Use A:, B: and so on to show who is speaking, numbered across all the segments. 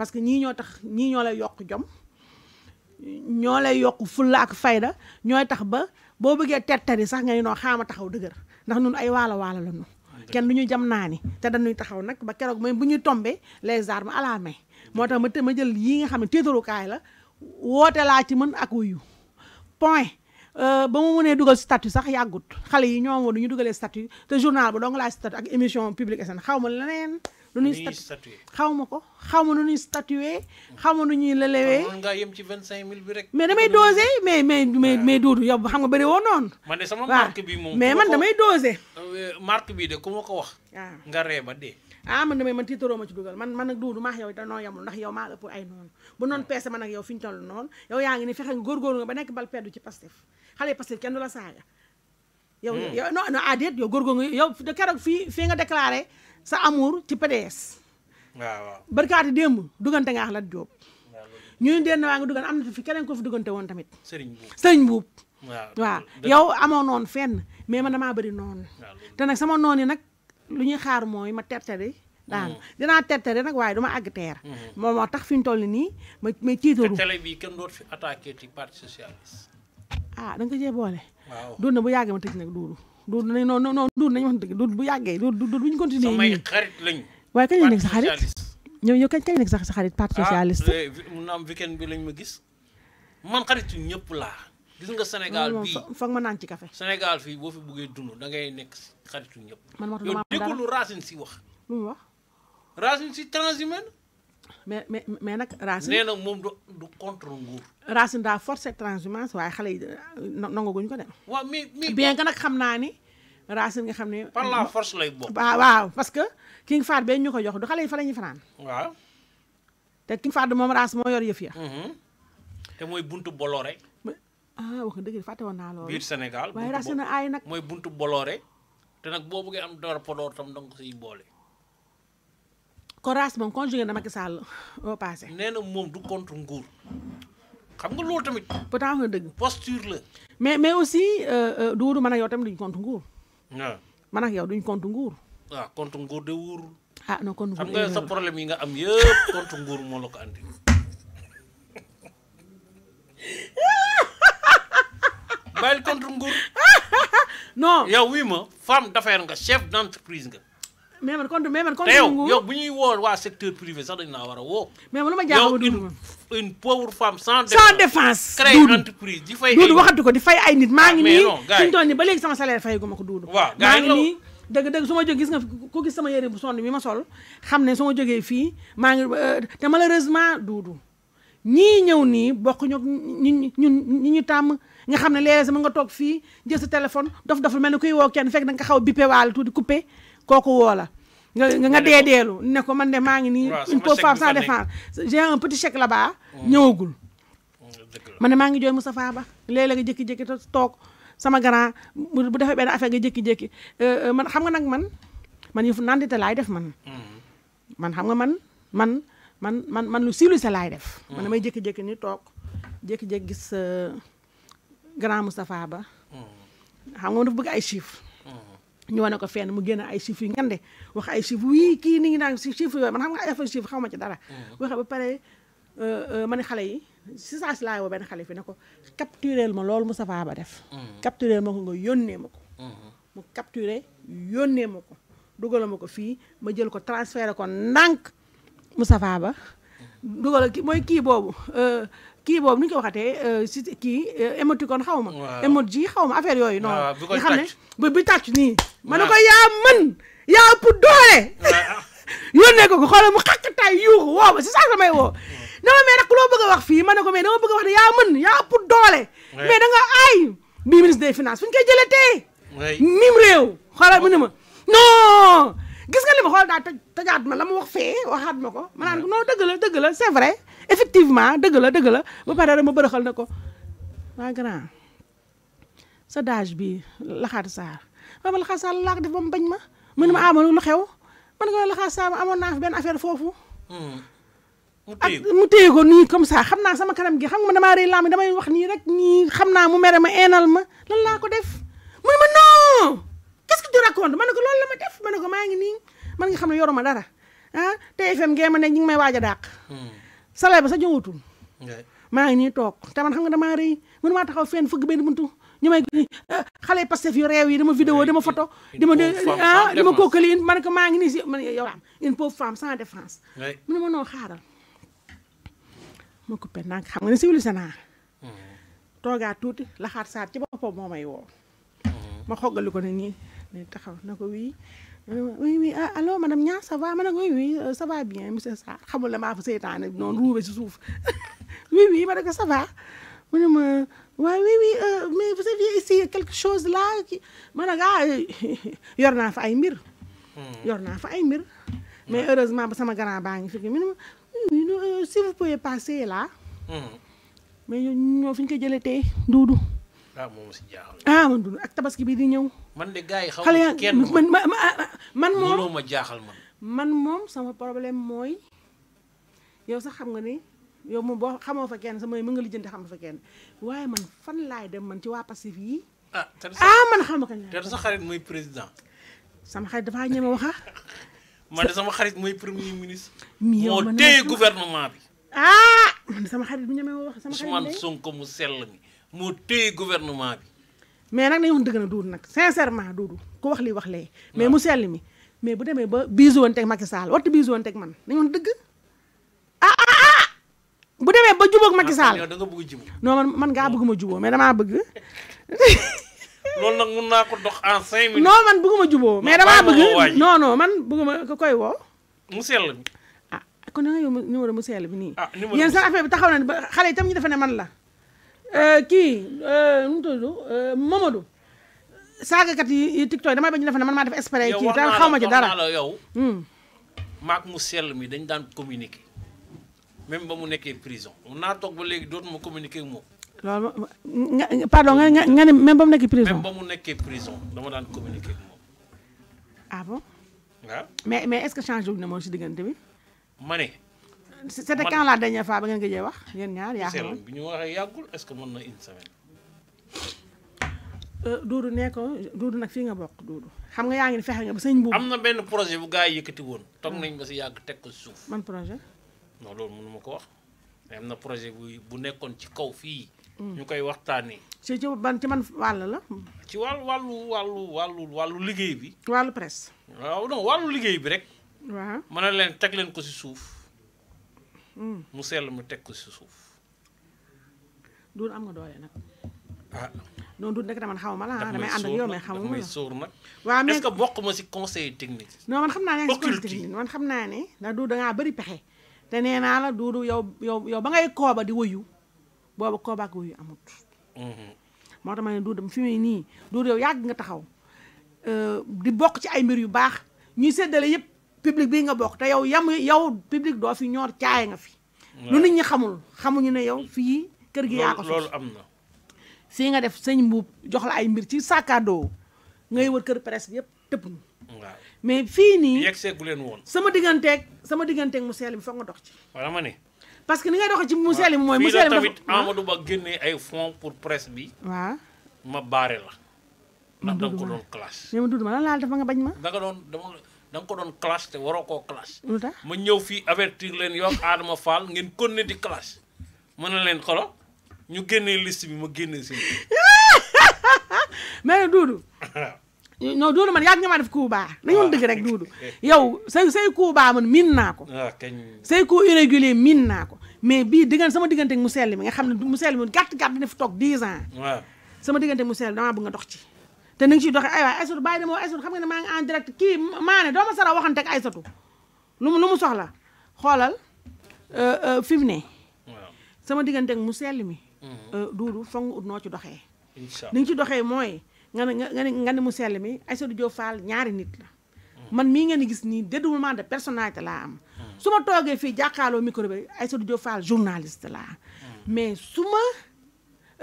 A: parce que ñii ñoo tax ñii ñoo lay yokk jom ñoo lay yokk fulla ak fayda ñooy tax ba boo bëggee tertari sax ngay noo xaama taxaw dëgër ndax nun ay waalo waalo la ñu kenn du ñu jam naa ni te dañuy taxaw nag ba keroog mooy bu ñuy tombee les armes à la moo tax ma te ma jël yi nga xam ne tiitarukaay la woote laa ci mën ak wuyu point Euh, ba mu mënee dugal statut sax yàggut xale yi ñoom woon du ñu dugalee statut te journal ba dong laa statut ak émission publique SN xaw ma leneen lu ñuy statué xaw ma ko xaw ma nu ñuy statué xaw ma nu ñuy lelewee
B: nga yem ci vingt cinq mille bi mais damay dosé
A: mais mais mais mais Doudou yow xam nga bëri woo noonu
B: man de sama marque bi moom mais man damay dosé euh, marque bi de ku ma ko wax ah. nga ree ba dee
A: ah man damay man tiitaroo ma ci dugal man man nag duudu maax yow danoo yamul ndax yow maa la ëpp ay noonu bu noonu peese man ak yow fi ñu toll noon yow yaa ngi ni fexe nga góorgóorlu nga ba nekk bal perdu ci Pastef xale Pastef kenn yow hmm. yow non non ah déet yow góorgóorlu nga de keroog sa amour ci PDS waaw démb dugante nga ax lat jóob ñu ne deen waa nga fi keneen ko fi dugante woon tamit sëriñ buub waaw yow amoo noonu fenn mais man damaa bëri noon te nag sama noon yi nag lu ñuy xaar mooy ma terteri daanu mm-hmm. danaa terteri nag waaye du ma àgg teer mm-hmm. moom moo tax fi ñu toll nii ma ma ciitaru télé
B: bi kenn doot fi attaqué ci parti socialiste
A: ah ko cee boole doon na bu yàggee ma tëj nag duudu duudu nañ non non duudu nañ wax dëgg duudu bu yàggee duudu duudu bu ñu continuer samay xarit lañ waaye kañ nekk sa xarit ñoom yow kañ kañ sax sa xarit parti ah, socialiste eh,
B: mun na am weekend bi lañ ma gis man xaritu ñëpp laa gis nga Sénégal fii
A: foog ma naan ci café
B: Sénégal fii boo fi buggee dund da nekk si xaritu ñëpp. man wax yow déggul lu Racine si wax. lu mu wax. Racine si transhumance.
A: mais mais mais nag Racine nee
B: moom du du contre nguur.
A: Racine daa forcer transhumance waaye xale yi nangaguñ ko de. waaw mais bien que nag xam naa ni. Racine nga xam ne. par la force lay bokk. waaw parce que ki nga faat bee ñu ko jox du xale yi fa la ñuy fanaan. waaw. te ki faat moom Racine moo yor yëf ya.
B: Mhm. te mooy buntu Bolloré.
A: ah wax nga dëgg fàtte woon naa loolu biir
B: Sénégal waaye rase na aay nag mooy buntu boloore te nag boo bëggee am door podoor tam danga ko siy boole
A: ko raas moom conjugué na Macky Sall au passé nee na moom du contre nguur xam nga loolu tamit pourtant wax nga
B: dëgg posture la
A: mais mais aussi euh, euh, duuru man ak yow tamit duñ contre nguur waaw man ak yow duñ contre nguur
B: waaw ah, contre nguur de wuurul
A: ah non contre nguur xam nga sa
B: problème yi nga am yëpp contre nguur moo la ko andi bàyyil contre nguur. non yow wii ma femme d'affaires nga chef d'entreprise nga.
A: mais man contre mais contre nguur yow bu
B: ñuy woo waa secteur privé sax dañu naa war a woo.
A: mais man lu ma jaaxal yow
B: une pauvre femme sans. sans défense créer
A: duudu waxatu ko di fay ay nit maa ngi ah, nii. fi ñu toll nii ba léegi sama salaire fayagu ma ko duudu. waaw maa ngi nii dëgg-dëgg su ma jóg gis nga ku gis sama yére bu sonn mi ma sol xam ne soo ma jógee fii maa ngi euh, te malheureusement duudu. ñii ñëw nii bokk ñoog ñu ñun ñu ñu tàmm nga xam ne léeg-léeg sama nga toog fii jël sa téléphone dof doful mel ne kuy woo kenn fekk da nga xaw a bippe waale tuuti coupé kooku woo la nga nga deedeelu ne ko man de maa ngi nii une pauvre femme sans défense j'ai un petit chèque là-bas oh. ñëwagul ne maa ngi jooy Moustapha Ba léeg-léeg nga jékki-jékki toog sama grand bu defee benn affaire nga jékki-jékki euh, euh, man xam nga nag man man yëfu nandite laay def man mm-hmm. man xam nga man man man man man lu silu sa laay def. Mm. man damay jékki-jékki ni toog jékki-jékki gis euh, grand Moustapha Ba.
B: Mm.
A: xam nga dafa bëgg ay chiffres.
B: Mm.
A: ñu wane ko fenn mu génn ay chiffres yu ngande wax ay chiffres wii kii ni ngi naan si chiffres yooyu man xam nga ay affaire chiffres xaw ma ci dara. waxe ba pare euh, euh, ma ne xale yi si saa si laay ne ko capturel ma loolu Moustapha Ba def. capturel ma nga yónnee ma ko. Mm-hmm. mu capturé yónnee ma ko dugal ma ko fii ma jël ko transféré ko ndànk. Moustapha Ba dugal ki mooy kii boobu euh, kii boobu nu ñu ko waxatee euh, si kii euh, émoticône xaw ma émoji xaw ma affaire yooyu noonu nga ne ba bi tàcc nii ma ne ko yaa mën yaa ëpp doole yónnee ko ko xoolal mu xàq tay yuuxu woo ma si saa samay na ma mais nag loo bëgg a wax fii ma ne ko mais dama bëgg a wax ne yaa mën yaa ëpp doole mais da nga aay bii ministre des finances fu ñu koy jëlee tee mu ne ma non gis nga li ma xool daa tëj tëjaat ma la ma wax fee waxaat ma ko ma naan ko non dëgg la dëgg effectivement dëgg la dëgg la ba pare rek ma bërëxal na ko waa grand sa dage bi laxaat saar ma ma laxaat saar laax def ba mu ma mu ne ma amalo ah, lu xew man ko laxaat saar amoon naa fi benn affaire foofu hmm. ak mu téye ko nii comme ça xam naa sama kanam gi xam nga damaa rëy laam damay wax nii rek nii xam naa mu mere ma eenal ma lan laa ko def mu ma non qu'est-ce que tu racontes ma ko lolou la ma def ma ko ma ngi ni man nga xam ne yoruma dara ah TFM fm ngeema ne ñu ngi may waja a hmm salaire ba sa jëwutul ma ngi ni tok té man xam nga dama reuy mënu ma taxaw fenn fëgg benn buntu ñu may ah, xalé passef yu rew yi dama vidéo dama photo dama ah dama ko ma man ko ma ngi ni man yow une pauvre femme sans défense. mën ma no xaaral ma coupé nak xam nga ne civilisé naa. Hmm. toogaat tuuti laxaat saat ci bopom momay wo hmm. ma xogaliko ni ma taxaw na ko oui euh, ah, ma ne ko oui oui euh, ça va bien monsieur Sarr xamul la maa fa seytaane noonu ruube si suuf oui oui ma ne ko ça ma waaw oui oui euh, mais quelque chose là ma ne ah yor naa fa ay mbir. Hmm. yor naa fa ay mbir. mais heureusement ba sama grand baa ngi fi mu ma oui oui si vous pouvez passer là. Hmm. mais ñoo fi ñu ko jëlee te duudu.
B: ah moom si jaaxal
A: ah man dund ak tabaski di ñëw.
B: man de gars yi xaw ma kenn man ma man moom mënoo ma jaaxal man.
A: man moom sama problème mooy yow sax xam nga ni yow moom boo xamoo fa kenn sama mën nga lijjanti xam fa kenn waaye man fan laay dem man ci waa Pastef yi. ah ah man xam nga kañ laay sa xarit
B: mooy président.
A: sama xarit dafaa ñeme waxa. Ah.
B: man de sama xarit mooy premier ministre. moo téye gouvernement bi. ah man sama xarit bu ñeme wax sama xarit Ousmane Sonko mu sell mi. moo téye gouvernement bi.
A: mais nak nañu wax dëgg na duud nag sincèrement duudu ku wax li wax lee. mais mu sell mi mais bu démé ba bisu biisoon teg Macky Sall wattu biisoon teg man nañu wax dëgg. ah ah ah, ah! bu démé ba jubóog Macky Sall da nga bëgg jubóo. non man man nga bëgguma ma mais dama bëgg.
B: loolu nak mun na ko dox en 5 minutes. non
A: man bëgguma jubóo mais dama bëgg non non man bëgguma ko koy wo mu sell mi. ah kon nga yow numéro mu sell bi ni ah numéro yéen seen affaire bi taxaw na xalé tam ñu defe ne man la. Eh, eh nu mu tudd eh, Mamadou saagakat yi tiktok damay bañ ñu defe ne man maa def espéré kii dara xaw ma ci dara la yow hmm.
B: maak mu sell mi dañ daan communiquer même ba mu nekkee prison naa toog ba léegi dootuma communiquer ak
A: moom pardon nga nga ne même ba mu nekkee prison même
B: ba mu nekkee prison dama daan communiquer ak moom ah bon waaw ah. mais
A: mais est ce que changé na moom si diggante bi ma c'était quand la dernière fois que ngeen gëjee wax yéen ñaar yaa xam
B: bi ñu waxee est ce que mën na une semaine
A: euh, Doudou nee ko Doudou nag fii nga bokk Doudou xam nga yaa ngi nga ba sëñ boobu am
B: na projet bu gars yi yëkkati woon nañ ba si yàgg teg ko suuf man projet non loolu mënu ko wax projet bu bu ci kaw mm.
A: ci ci ban ci man la
B: ci bi
A: Walu presse
B: waaw non walu liggéey bi rek waaw mën na leen ko suuf Mm. mu sell mu teg ko si suuf.
A: duun am nga doole nag.
B: noon ah.
A: non duun nag man xaw ma la damay ànd ak yow may xamuma la sóor nag waaw
B: mais si conseil technique.
A: non man xam naa ne yaa ngi si xam naa ne. ndax du da pexe. te nee naa la duudu yow yow yow ba ngay kooba di wuyu boobu kooba ak wuyu amut. Mm-hmm. moo tax ma ne fi muy nii duudu yow yàgg nga taxaw euh, di bokk ci ay mbir yu baax ñuy séddale yëpp public bi nga bok te yow yam yow public do fi ñor caay nga fi lu nit ñi xamul ñu ne yow fi kër gi ya ko loolu am na nga def señ mbub jox la ay mbir ci sakado ngay wër kër presse yépp tepp ñu
B: mais fi ni
A: sama digganteeg sama digganteeg mu seel bi nga dox ci wala ma ne parce que ni ngay dox ci mu seel moy mooy mu seel tamit Amadou
B: Ba génné ay fonds pour presse bi wa ma barré la
A: ndax da ko doon classe mais ma lan laal dafa nga bañ ma
B: da nga doon dama dang ko don class te waro ko class mu ñew fi avertir len yo adama fall ngeen konne di classe mëna len xolo ñu genné liste bi ma genné ci
A: mais dudu no dudu man yaak nga ma def coup ba dañu ah. deug rek dudu yow sey sey coup ba man min nako ah, sey coup irrégulier min nako mais bi digan sama digënté mu sel mi nga xamné mu sel mi gatt gatt dina fi tok 10 ans ah. sama digënté mu sel dama bëgg nga dox ci té nañ ci doxe ay way Aïssatou bàyyi dama woo Aïssatou xam nga ma nga en direct ki mané do ma sara waxante ak Aïssatou lu mu lu mu soxla xoolal euh, euh mu ne sama digënté ak mu sell mi mhm. euh, duudu foog nga ut noo ci doxé inshallah nga ci doxé moy nga nga nga ne mu sell mi Aïssatou Diop Fall ñaari nit la mhm. man mi nga ni gis ni dédoublement de personnalité la am mhm. suma togué fi jaxalo micro bi Aïssatou Diop Fall journaliste la mais suma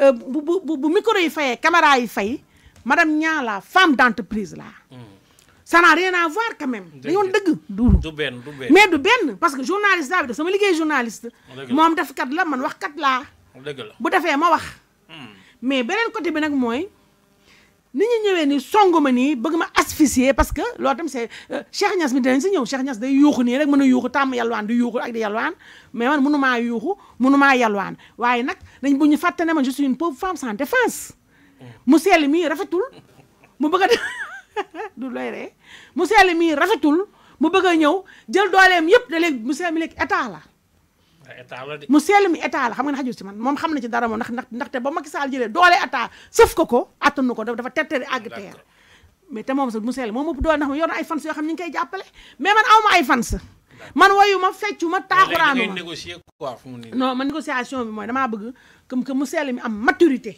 A: euh, bu bu bu micro yi fayé caméra yi fayé madame la femme d'entreprise là. Hmm. ça n'a rien à voir quand même. dañoon dëgg duuru.
B: D'ou benn du benn mais d'ou
A: benn parce que journaliste laa bi sama liggéey journaliste. moom def kat la man wax kat laa. dëgg la bu defee ma wax. Hmm. mais beneen côté bi nag mooy. ni ñu ñëwee ni songu ma bëgg ma asphyxier parce que loolu tam c'est euh, Cheikh Niass mi dinañ si ñëw Cheikh Niass day yuuxu nii rek mën a yuuxu tàmm yalwaan di yuuxu ak di yalwaan mais man mënumaa yuuxu mënumaa yalwaan waaye nag dañ bu ñu man je suis une pauvre femme sans défense. mu sell mii rafetul mu bëgg a du looy ree mu sell mii rafetul mu bëgg a ñëw jël dooleem yëpp da léegi mu sell mi léegi la
B: ah, état la de mu sell mi
A: état la xam nga ne xajul si man moom xam na ci dara moom ndax ndax ndaxte ba Macky Sall jëlee doole état sëf ko ko attanu ko dafa terteri àgg teer mais te moom sax mu sell moom ëpp doole ndax yor na ay fans yoo xam ne ñu ngi koy jàppale mais man awma ay fans man wayuma feccuma taaxuraanuma non man négociation bi mooy damaa bëgg comme que mu sell mi am maturité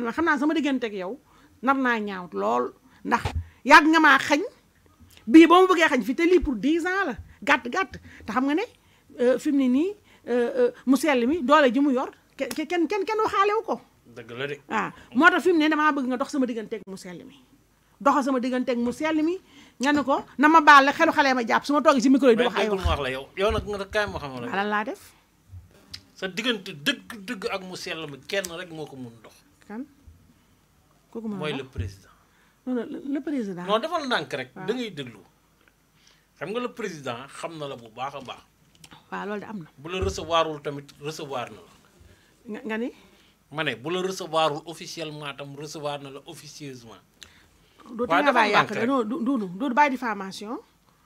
A: man xam naa sama digganteeg yow nar naa ñaaw lool ndax yàgg nga maa xañ bii boo ma bëggee xañ fii te lii pour dix ans la gàtt gàtt te xam nga ne euh, fi mu ne nii euh, euh, mu sell mi doole ji mu yor kenn kenn kenn waxaale wu ko. dëgg la de moo tax fi mu ne damaa bëgg nga dox sama digganteeg mu sell mi. doxal sama digganteeg mu sell mi nga ne ko na ma baal la xelu xalee ma jàpp su ma toogee si micro di wax ay wax
B: la yow yow nag nga kaay ma xamal la. alal laa def. sa diggante dëgg dëgg ak mu sell mi kenn rek moo ko mun dox.
A: kan. kooku mooy le président. non non le président. non defal ndànk
B: rek. da ngay déglu. xam nga la président xam na la bu baax a baax. waaw loolu de am na. bu la recevoir na la. ni. ma ne bu la recevoirul officiellement tam recevoir na la officieusement. waaye dafa yàq rek
A: dootu dootu bàyyi diffamation.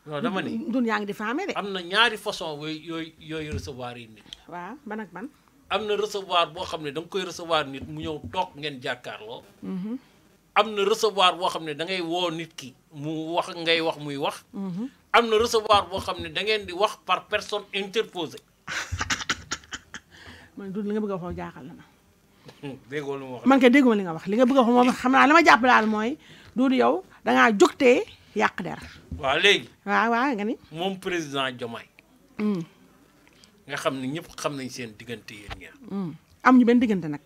A: non dama ni dun yaa ngi diffamé de. am na
B: ñaari façon yooyu yooyu recevoir yi nit.
A: waaw ban ak ban.
B: am na recevoir boo xam ne da nga koy recevoir nit mu ñëw toog ngeen jàkkaarloo. Mhm. am na recevoir boo xam ne da ngay woo nit ki mu wax ngay wax muy wax. Mhm. am na recevoir boo xam ne da ngeen di wax par personne interposé
A: man du li nga bëgg a wax jaaxal na ma. man kay dégguma li nga wax li nga bëgg a wax moom xam naa dama ma jàpp daal mooy Doudou yow dangaa ngaa jógtee yàq der. waa léegi. waaw waaw nga ni.
B: moom président Diomaye. Mm. nga xam ne ñëpp xam nañ seen diggante yi ñaar.
A: Mm. am ñu benn diggante nag.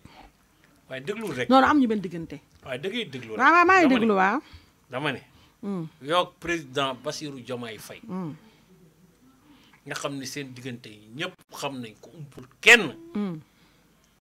B: waaye dégluwul rek. noonu am ñu benn diggante. waaye da ngay déglu rek. waaw maa ngi déglu waaw. dama ne. Mm. yow président Bassirou Diomaye Faye. Mm. nga xam ni seen diggante yi ñëpp xam nañ ko umpul kenn.